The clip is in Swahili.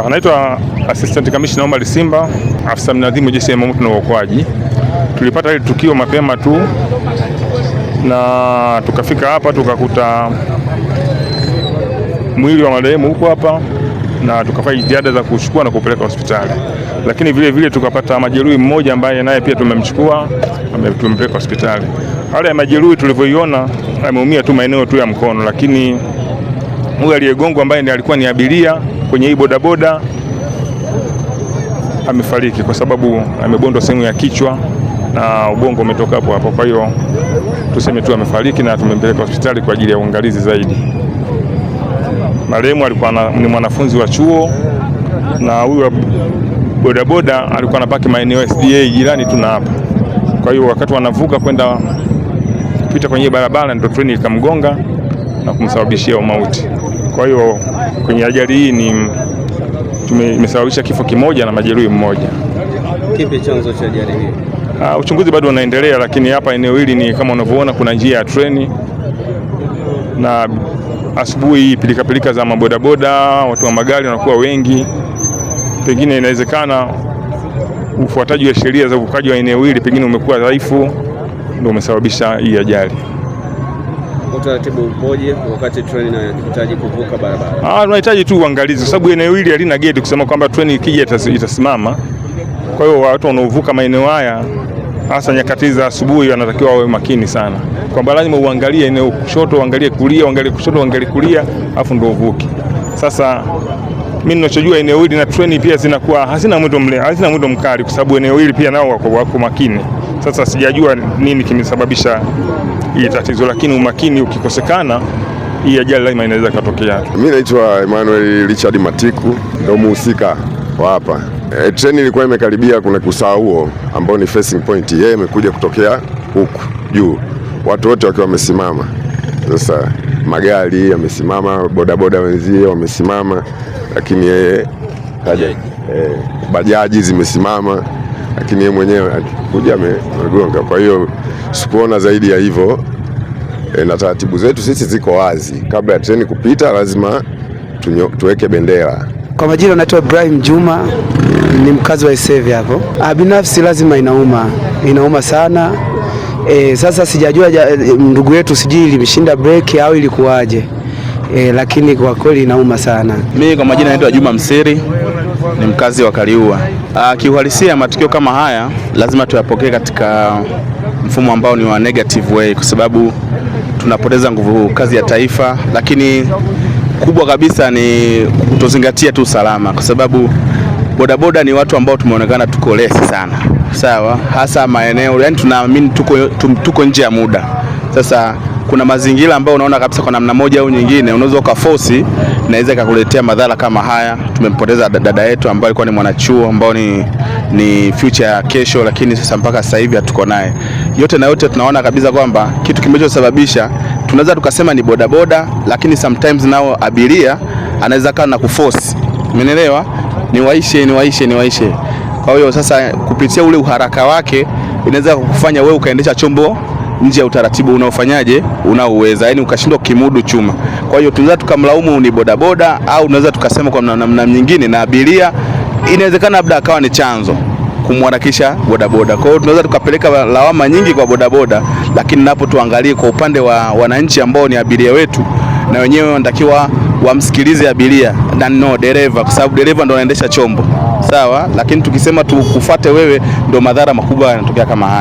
Anaitwa Assistant Commissioner Omar Simba, afisa mnadhimu jeshi la zimamoto na uokoaji. Tulipata ile tukio mapema tu na tukafika hapa tukakuta mwili wa marehemu huko hapa na tukafanya jitihada za kuchukua na kupeleka hospitali, lakini vile vile tukapata majeruhi mmoja ambaye naye pia tumemchukua tumempeleka hospitali. Hali ya majeruhi tulivyoiona, ameumia tu maeneo tu ya mkono, lakini huyu aliyegongwa ambaye ndiye alikuwa ni abiria kwenye hii bodaboda amefariki kwa sababu amebondwa sehemu ya kichwa na ubongo umetoka hapo hapo. Kwa hiyo tuseme tu amefariki na tumempeleka hospitali kwa ajili ya uangalizi zaidi. Marehemu alikuwa ni mwanafunzi wa chuo na huyu bodaboda alikuwa anapaki maeneo SDA jirani tu na hapa. Kwa hiyo wakati wanavuka kwenda kupita kwenye barabara, ndio treni ikamgonga na kumsababishia umauti. Kwa hiyo kwenye ajali hii ni imesababisha kifo kimoja na majeruhi mmoja. Kipi chanzo cha ajali hii? Uh, uchunguzi bado unaendelea, lakini hapa eneo hili ni kama unavyoona kuna njia ya treni na asubuhi pilikapilika za mabodaboda, watu wa magari wanakuwa wengi, pengine inawezekana ufuataji wa sheria za uvukaji wa eneo hili pengine umekuwa dhaifu, ndio umesababisha hii ajali utaratibu mmoja wakati treni inahitaji kuvuka barabara? Ah, tunahitaji tu uangalizi kwa sababu eneo hili halina geti kusema kwamba treni ikija itasimama. Kwa hiyo watu wanaovuka maeneo haya hasa nyakati za asubuhi wanatakiwa wawe makini sana, kwamba lazima uangalie eneo kushoto, uangalie kulia, uangalie kushoto, uangalie kulia, afu ndio uvuke. Sasa mimi ninachojua eneo hili na treni pia zinakuwa hazina mwendo mle, hazina mwendo mkali, kwa sababu eneo hili pia nao wako, wako makini. Sasa sijajua nini kimesababisha hii tatizo, lakini umakini ukikosekana hii ajali lazima inaweza ikatokea. Mimi naitwa Emmanuel Richard Matiku, ndio muhusika wa hapa. E, treni ilikuwa imekaribia kuna kusaa huo ambao ni facing point, yeye imekuja kutokea huku juu, watu wote wakiwa wamesimama. Sasa magari yamesimama, bodaboda wenzie wamesimama, lakini yeye kaja, e, bajaji zimesimama lakini yeye mwenyewe alikuja amegonga. Kwa hiyo sikuona zaidi ya hivyo e, na taratibu zetu sisi ziko wazi, kabla ya treni kupita lazima tunyo, tuweke bendera. Kwa majina naitwa Ibrahim Juma, ni mkazi wa Isevi hapo. Ah, binafsi lazima inauma, inauma sana e, sasa sijajua ndugu yetu sijui ilimshinda breki au ilikuwaje e, lakini kwa kweli inauma sana. Mimi kwa majina naitwa Juma Msiri ni mkazi wa Kaliua. Ah, kiuhalisia, matukio kama haya lazima tuyapokee katika mfumo ambao ni wa negative way, kwa sababu tunapoteza nguvu kazi ya taifa, lakini kubwa kabisa ni kutozingatia tu usalama, kwa sababu bodaboda ni watu ambao tumeonekana tuko lesi sana, sawa, hasa maeneo yani tunaamini tuko, tuko nje ya muda sasa kuna mazingira ambayo unaona kabisa kwa namna moja au nyingine unaweza ukaforce naweza ikakuletea madhara kama haya. Tumempoteza dada yetu ambaye alikuwa ni mwanachuo ambao ni, ni future ya kesho, lakini sasa mpaka sasa hivi hatuko naye. Yote na yote tunaona kabisa kwamba kitu kimechosababisha tunaweza tukasema ni bodaboda, lakini sometimes nao abiria anaweza kaa na kuforce, umeelewa, niwaishe niwaishe niwaishe. Kwa hiyo sasa kupitia ule uharaka wake inaweza kukufanya wewe ukaendesha chombo nje ya utaratibu unaofanyaje unaoweza, yani ukashindwa kimudu chuma. Kwa hiyo tunaweza tukamlaumu ni bodaboda au tunaweza tukasema kwa namna nyingine na abiria, inawezekana labda akawa ni chanzo kumharakisha bodaboda. Kwa hiyo tunaweza tukapeleka lawama nyingi kwa bodaboda, lakini napo tuangalie kwa upande wa wananchi ambao ni abiria wetu, na wenyewe wanatakiwa wamsikilize abiria na no dereva, kwa sababu dereva ndo anaendesha chombo sawa, lakini tukisema tukufate wewe, ndo madhara makubwa yanatokea kama haya.